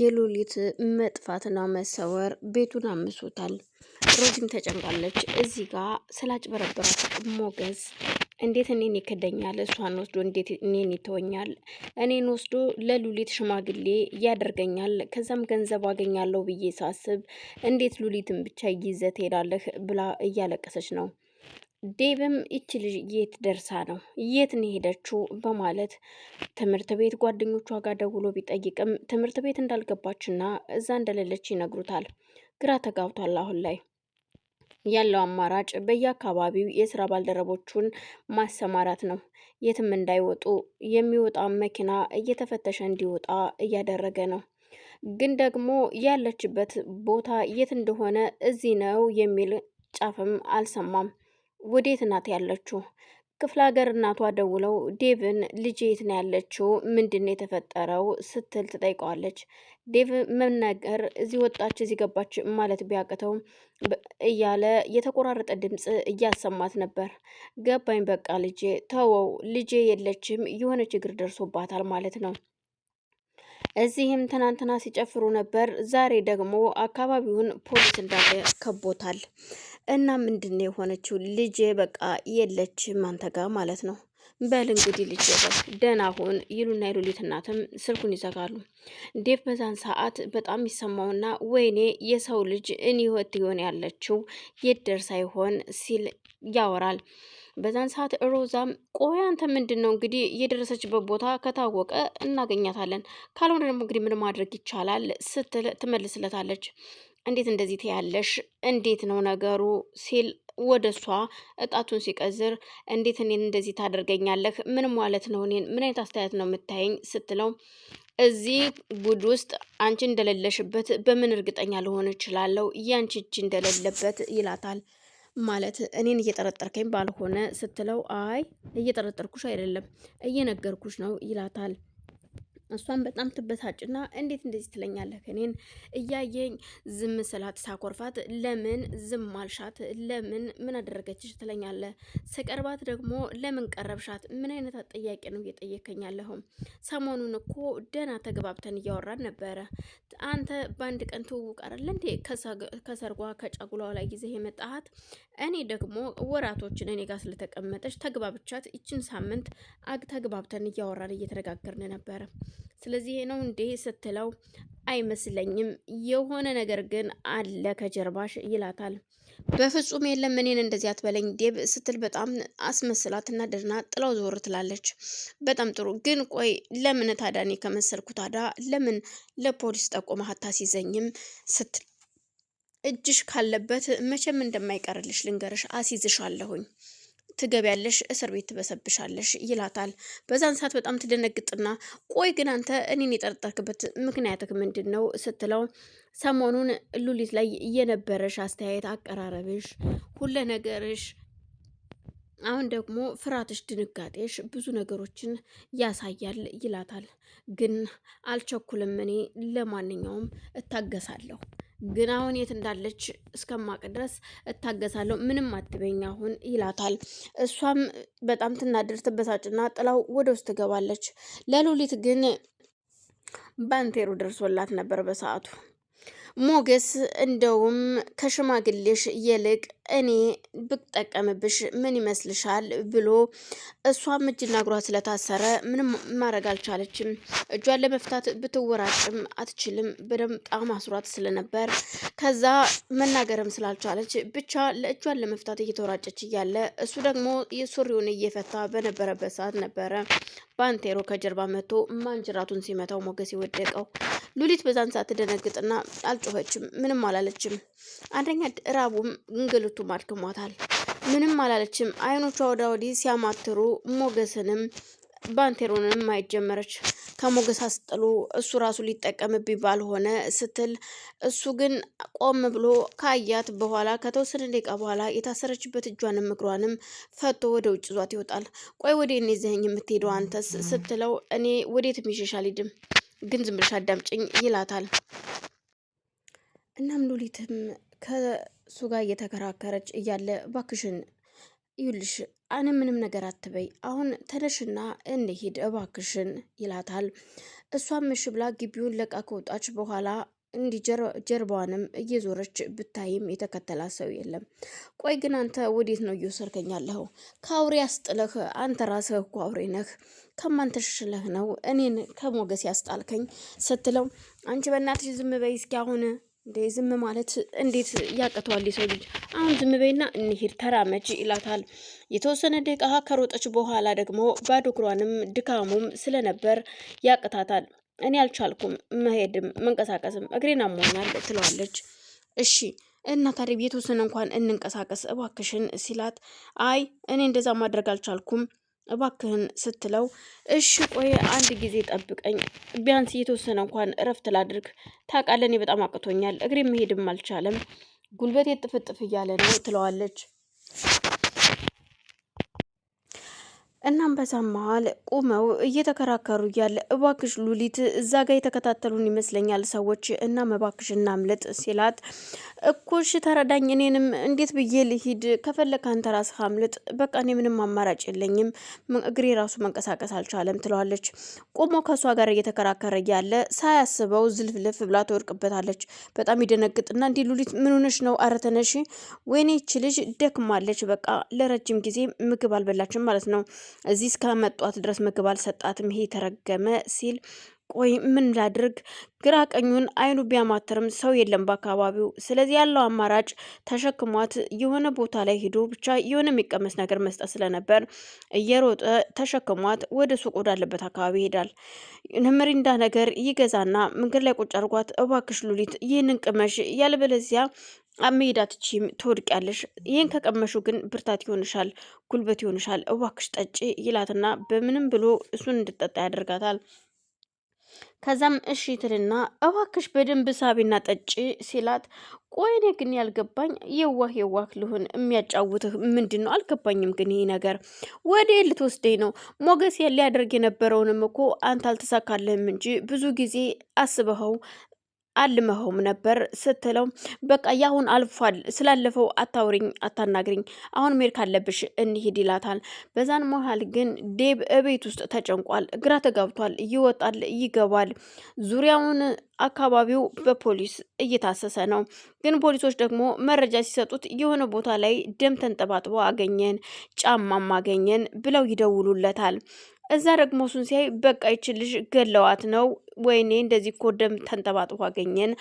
የሉሊት መጥፋትና መሰወር ቤቱን አምሶታል። ሮዚም ተጨንቃለች። እዚህ ጋ ስላጭበረበራት ሞገስ እንዴት እኔን ይክደኛል? እሷን ወስዶ እንዴት እኔን ይተወኛል? እኔን ወስዶ ለሉሊት ሽማግሌ ያደርገኛል፣ ከዛም ገንዘብ አገኛለሁ ብዬ ሳስብ እንዴት ሉሊትን ብቻ ይዘት ትሄዳለህ? ብላ እያለቀሰች ነው። ዴብም ይቺ ልጅ የት ደርሳ ነው የት ነው ሄደችው? በማለት ትምህርት ቤት ጓደኞቿ ጋር ደውሎ ቢጠይቅም ትምህርት ቤት እንዳልገባችና እዛ እንደሌለች ይነግሩታል። ግራ ተጋብቷል። አሁን ላይ ያለው አማራጭ በየአካባቢው የስራ ባልደረቦቹን ማሰማራት ነው። የትም እንዳይወጡ የሚወጣ መኪና እየተፈተሸ እንዲወጣ እያደረገ ነው። ግን ደግሞ ያለችበት ቦታ የት እንደሆነ እዚህ ነው የሚል ጫፍም አልሰማም። ወዴት ናት ያለችው? ክፍለ ሀገር እናቷ ደውለው ዴቭን ልጅ የት ነው ያለችው? ምንድን ነው የተፈጠረው ስትል ትጠይቀዋለች። ዴቭ መናገር እዚህ ወጣች እዚህ ገባች ማለት ቢያቅተው እያለ የተቆራረጠ ድምፅ እያሰማት ነበር። ገባኝ በቃ ልጄ ተወው፣ ልጄ የለችም የሆነ ችግር ደርሶባታል ማለት ነው። እዚህም ትናንትና ሲጨፍሩ ነበር፣ ዛሬ ደግሞ አካባቢውን ፖሊስ እንዳለ ከቦታል። እና ምንድን ነው የሆነችው? ልጄ በቃ የለችም አንተ ጋር ማለት ነው። በል እንግዲህ ልጄ በል ደህና ሁን ይሉና የሉሊት እናትም ስልኩን ይዘጋሉ። ዴቭ በዛን ሰዓት በጣም ይሰማውና ወይኔ የሰው ልጅ እኔ ህይወት ይሆን ያለችው የት ይሆን ሲል ያወራል። በዛን ሰዓት ሮዛም ቆይ አንተ ምንድን ነው እንግዲህ የደረሰችበት ቦታ ከታወቀ እናገኛታለን፣ ካልሆነ ደግሞ እንግዲህ ምን ማድረግ ይቻላል ስትል ትመልስለታለች። እንዴት እንደዚህ ትያለሽ? እንዴት ነው ነገሩ? ሲል ወደ እሷ እጣቱን ሲቀዝር እንዴት እኔን እንደዚህ ታደርገኛለህ? ምን ማለት ነው? እኔን ምን አይነት አስተያየት ነው የምታየኝ? ስትለው እዚህ ጉድ ውስጥ አንቺ እንደሌለሽበት በምን እርግጠኛ ልሆን እችላለሁ? ያንቺ እጅ እንደሌለበት ይላታል። ማለት እኔን እየጠረጠርከኝ ባልሆነ ስትለው፣ አይ እየጠረጠርኩሽ አይደለም እየነገርኩሽ ነው ይላታል። እሷን በጣም ትበሳጭና እንዴት እንደዚህ ትለኛለህ? እኔን እያየኝ ዝም ስላት ሳኮርፋት ለምን ዝም አልሻት? ለምን ምን አደረገችሽ ትለኛለህ? ስቀርባት ደግሞ ለምን ቀረብሻት? ምን አይነት አጠያቂ ነው እየጠየከኝ ሰሞኑን እኮ ደህና ተግባብተን እያወራን ነበረ። አንተ በአንድ ቀን ትውውቅ አይደለ እንዴ ከሰርጓ ከጫጉላዋ ላይ ጊዜ የመጣሃት? እኔ ደግሞ ወራቶችን እኔ ጋር ስለተቀመጠች ተግባብቻት፣ ይችን ሳምንት ተግባብተን እያወራን እየተነጋገርን ነበረ። ስለዚህ ነው እንዲህ ስትለው አይመስለኝም የሆነ ነገር ግን አለ ከጀርባሽ ይላታል። በፍጹም የለም እኔን እንደዚህ አትበለኝ ዴብ ስትል በጣም አስመስላት እና ደድና ጥላው ዞር ትላለች። በጣም ጥሩ ግን ቆይ ለምን ታዳኔ ከመሰልኩ ታዳ ለምን ለፖሊስ ጠቆመ ሀታ ስትል እጅሽ ካለበት መቼም እንደማይቀርልሽ ልንገርሽ አሲዝሻለሁኝ ትገቢያለሽ፣ እስር ቤት ትበሰብሻለሽ ይላታል። በዛን ሰዓት በጣም ትደነግጥና ቆይ ግን አንተ እኔን የጠረጠርክበት ምክንያትህ ምንድን ነው ስትለው ሰሞኑን ሉሊት ላይ የነበረሽ አስተያየት፣ አቀራረብሽ፣ ሁለ ነገርሽ አሁን ደግሞ ፍርሃትሽ፣ ድንጋጤሽ ብዙ ነገሮችን ያሳያል ይላታል። ግን አልቸኩልም፣ እኔ ለማንኛውም እታገሳለሁ ግን አሁን የት እንዳለች እስከማቅ ድረስ እታገሳለሁ፣ ምንም አትበኝ አሁን ይላታል። እሷም በጣም ትናደር፣ ትበሳጭና ጥላው ወደ ውስጥ ትገባለች። ለሉሊት ግን ባንቴሩ ደርሶላት ነበር በሰዓቱ ሞገስ እንደውም ከሽማግሌሽ ይልቅ እኔ ብጠቀምብሽ ምን ይመስልሻል ብሎ እሷም እጅና እግሯ ስለታሰረ ምንም ማድረግ አልቻለችም። እጇን ለመፍታት ብትወራጭም አትችልም። በደም ጣም አስሯት ስለነበር ከዛ መናገርም ስላልቻለች ብቻ ለእጇን ለመፍታት እየተወራጨች እያለ እሱ ደግሞ የሱሪውን እየፈታ በነበረበት ሰዓት ነበረ ባንቴሮ ከጀርባ መጥቶ ማንጅራቱን ሲመታው ሞገስ የወደቀው። ሉሊት በዛን ሰዓት ትደነግጥና አልጮኸችም፣ ምንም አላለችም። አንደኛ ራቡም እንግልቱ ሁለቱም አድክሟታል። ምንም አላለችም። አይኖቿ ወደ ወዲህ ሲያማትሩ ሞገስንም ባንቴሮንንም ማየት ጀመረች። ከሞገስ አስጥሎ እሱ ራሱ ሊጠቀምብኝ ባልሆነ ስትል እሱ ግን ቆም ብሎ ካያት በኋላ ከተወሰነ ደቂቃ በኋላ የታሰረችበት እጇንም እግሯንም ፈቶ ወደ ውጭ ዟት ይወጣል። ቆይ ወደ እኔ ዘኸኝ የምትሄደው አንተስ ስትለው እኔ ወዴት ይሸሽ አልሄድም፣ ግን ዝም ብለሽ ይላታል። እናም ሉሊትም ከሱ ጋር እየተከራከረች እያለ እባክሽን ይኸውልሽ አነ ምንም ነገር አትበይ፣ አሁን ተነሽና እንሂድ እባክሽን ይላታል። እሷም እሺ ብላ ግቢውን ለቃ ከወጣች በኋላ እንዲ ጀርባዋንም እየዞረች ብታይም የተከተላ ሰው የለም። ቆይ ግን አንተ ወዴት ነው እየወሰድከኛለሁ? ከአውሬ ያስጥለህ አንተ ራስህ እኮ አውሬ ነህ። ከማን ተሽለህ ነው እኔን ከሞገስ ያስጣልከኝ ስትለው አንቺ በእናትሽ ዝም በይ እስኪ አሁን እንዴ ዝም ማለት እንዴት ያቅተዋል? የሰው ልጅ አሁን ዝም በይና እንሂድ ተራመጅ ይላታል። የተወሰነ ደቂቃ ከሮጠች በኋላ ደግሞ ባዶ እግሯንም ድካሙም ስለነበር ያቅታታል። እኔ አልቻልኩም መሄድም መንቀሳቀስም እግሬን አሞኛል ትለዋለች። እሺ እና ታዲያ የተወሰነ እንኳን እንንቀሳቀስ እባክሽን ሲላት፣ አይ እኔ እንደዛ ማድረግ አልቻልኩም እባክህን ስትለው እሺ ቆይ አንድ ጊዜ ጠብቀኝ፣ ቢያንስ እየተወሰነ እንኳን እረፍት ላድርግ። ታውቃለህ እኔ በጣም አቅቶኛል፣ እግሬ መሄድም አልቻለም፣ ጉልበቴ ጥፍጥፍ እያለ ነው ትለዋለች። እናም በዛ መሀል ቁመው እየተከራከሩ እያለ እባክሽ ሉሊት እዛ ጋር የተከታተሉን ይመስለኛል ሰዎች እና መባክሽ እናምልጥ ሲላት፣ እኩሽ ተረዳኝ፣ እኔንም እንዴት ብዬ ልሂድ? ከፈለግ አንተ ራስህ አምልጥ። በቃ እኔ ምንም አማራጭ የለኝም፣ እግሬ ራሱ መንቀሳቀስ አልቻለም ትለዋለች። ቁሞ ከእሷ ጋር እየተከራከረ እያለ ሳያስበው ዝልፍልፍ ብላ ትወድቅበታለች። በጣም ይደነግጥና እንዲህ ሉሊት ምን ሆነሽ ነው? አረተነሽ ወይኔ ይች ልጅ ደክማለች። በቃ ለረጅም ጊዜ ምግብ አልበላችም ማለት ነው። እዚህ እስካመጧት ድረስ ምግብ አልሰጣትም፣ ይሄ የተረገመ ሲል ቆይ ምን ላድርግ? ግራ ቀኙን አይኑ ቢያማትርም ሰው የለም በአካባቢው። ስለዚህ ያለው አማራጭ ተሸክሟት የሆነ ቦታ ላይ ሂዶ ብቻ የሆነ የሚቀመስ ነገር መስጠት ስለነበር እየሮጠ ተሸክሟት ወደ ሱቅ ወዳለበት አካባቢ ይሄዳል። ምሪንዳ ነገር ይገዛና መንገድ ላይ ቁጭ አርጓት፣ እባክሽ ሉሊት ይህንን ቅመሽ ያለበለዚያ መሄድ አትችይም፣ ትወድቂያለሽ። ይህን ከቀመሹ ግን ብርታት ይሆንሻል፣ ጉልበት ይሆንሻል፣ እባክሽ ጠጪ ይላትና በምንም ብሎ እሱን እንድጠጣ ያደርጋታል። ከዛም እሺ ትልና እባክሽ በደንብ ሳቢና ጠጪ ሲላት፣ ቆይ እኔ ግን ያልገባኝ የዋህ የዋህ ልሁን የሚያጫውትህ ምንድን ነው? አልገባኝም። ግን ይህ ነገር ወዴ ልትወስደኝ ነው? ሞገስ ሊያደርግ የነበረውንም እኮ አንተ አልተሳካልህም እንጂ ብዙ ጊዜ አስበኸው አልመኸውም ነበር ስትለው በቃ ያሁን አልፏል፣ ስላለፈው አታውሪኝ፣ አታናግሪኝ፣ አሁን ሜድ ካለብሽ እንሂድ ይላታል። በዛን መሀል ግን ዴብ እቤት ውስጥ ተጨንቋል፣ ግራ ተጋብቷል፣ ይወጣል፣ ይገባል። ዙሪያውን አካባቢው በፖሊስ እየታሰሰ ነው። ግን ፖሊሶች ደግሞ መረጃ ሲሰጡት የሆነ ቦታ ላይ ደም ተንጠባጥቦ አገኘን፣ ጫማም አገኘን ብለው ይደውሉለታል። እዛ ደግሞ እሱን ሲያይ በቃ ይችልሽ ገለዋት ነው ወይኔ እንደዚህ እኮ ደም ተንጠባጥፎ አገኘን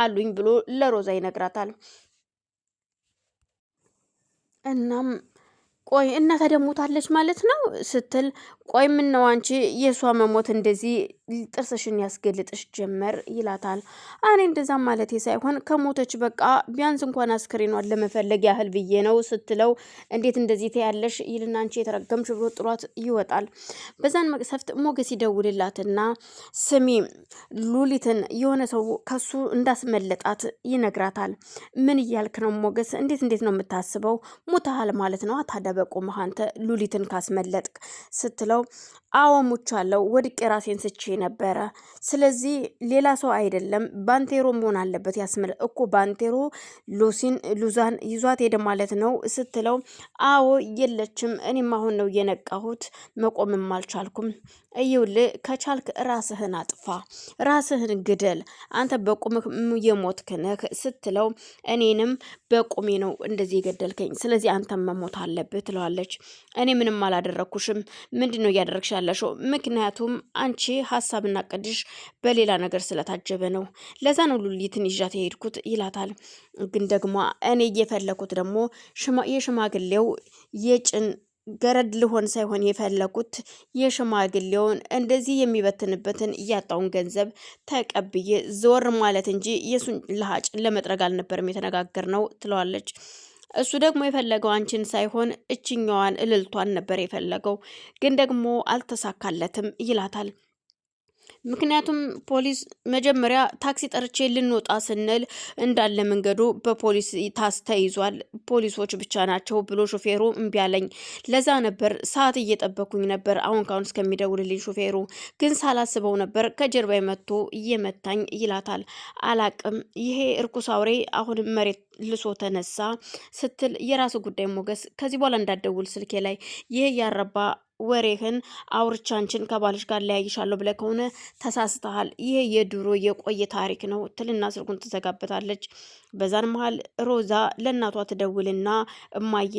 አሉኝ ብሎ ለሮዛ ይነግራታል። እናም ቆይ ደግሞ ታለች ማለት ነው ስትል ቆይ ምነው አንቺ የእሷ መሞት እንደዚህ ጥርስሽን ያስገልጥሽ ጀመር ይላታል። እኔ እንደዛ ማለት ሳይሆን ከሞተች በቃ ቢያንስ እንኳን አስክሬኗን ለመፈለግ ያህል ብዬ ነው ስትለው እንዴት እንደዚህ ያለሽ ይልና አንቺ የተረገምሽ ብሎ ጥሯት ይወጣል። በዛን መቅሰፍት ሞገስ ይደውልላትና ስሚ ሉሊትን የሆነ ሰው ከሱ እንዳስመለጣት ይነግራታል። ምን እያልክ ነው ሞገስ? እንዴት እንዴት ነው የምታስበው? ሙታሃል ማለት ነው አታደበቁ መሀንተ ሉሊትን ካስመለጥክ ስትለው አዎ ሙቻለሁ፣ ወድቄ ራሴን ስቼ ነበረ። ስለዚህ ሌላ ሰው አይደለም ባንቴሮ መሆን አለበት። ያስምል እኮ ባንቴሮ ሉሲን ሉዛን ይዟት ሄደ ማለት ነው ስትለው፣ አዎ የለችም፣ እኔም አሁን ነው የነቃሁት፣ መቆምም አልቻልኩም። እይውል ከቻልክ ራስህን አጥፋ፣ ራስህን ግደል፣ አንተ በቁምህ የሞትክ ነህ ስትለው፣ እኔንም በቁሜ ነው እንደዚህ የገደልከኝ፣ ስለዚህ አንተም መሞት አለብህ ትለዋለች። እኔ ምንም አላደረግኩሽም፣ ምንድን ነው እያደረግሽ ያለሽው? ምክንያቱም አንቺ ሀሳብና ቅድሽ በሌላ ነገር ስለታጀበ ነው። ለዛ ነው ሉሊትን ይዣት የሄድኩት ይላታል። ግን ደግሞ እኔ እየፈለኩት ደግሞ የሽማግሌው የጭን ገረድ ልሆን ሳይሆን የፈለኩት የሽማግሌውን እንደዚህ የሚበትንበትን እያጣውን ገንዘብ ተቀብዬ ዞር ማለት እንጂ የሱን ለሀጭ ለመጥረግ አልነበርም የተነጋገር ነው ትለዋለች። እሱ ደግሞ የፈለገው አንቺን ሳይሆን እችኛዋን እልልቷን ነበር የፈለገው፣ ግን ደግሞ አልተሳካለትም ይላታል። ምክንያቱም ፖሊስ መጀመሪያ ታክሲ ጠርቼ ልንወጣ ስንል እንዳለ መንገዱ በፖሊስ ታስ ተይዟል፣ ፖሊሶች ብቻ ናቸው ብሎ ሾፌሩ እምቢ አለኝ። ለዛ ነበር ሰዓት እየጠበኩኝ ነበር፣ አሁን ካሁን እስከሚደውልልኝ ሾፌሩ ግን ሳላስበው ነበር ከጀርባ መጥቶ እየመታኝ ይላታል። አላቅም ይሄ እርኩስ አውሬ አሁን መሬት ልሶ ተነሳ ስትል የራሱ ጉዳይ ሞገስ፣ ከዚህ በኋላ እንዳደውል ስልኬ ላይ ይሄ ያረባ ወሬህን አውርቻንችን አንቺን ከባልሽ ጋር ለያይሻለሁ ብለህ ከሆነ ተሳስተሃል፣ ይሄ የድሮ የቆየ ታሪክ ነው ትልና ስልኩን ትዘጋበታለች። በዛን መሀል ሮዛ ለእናቷ ትደውልና እማዬ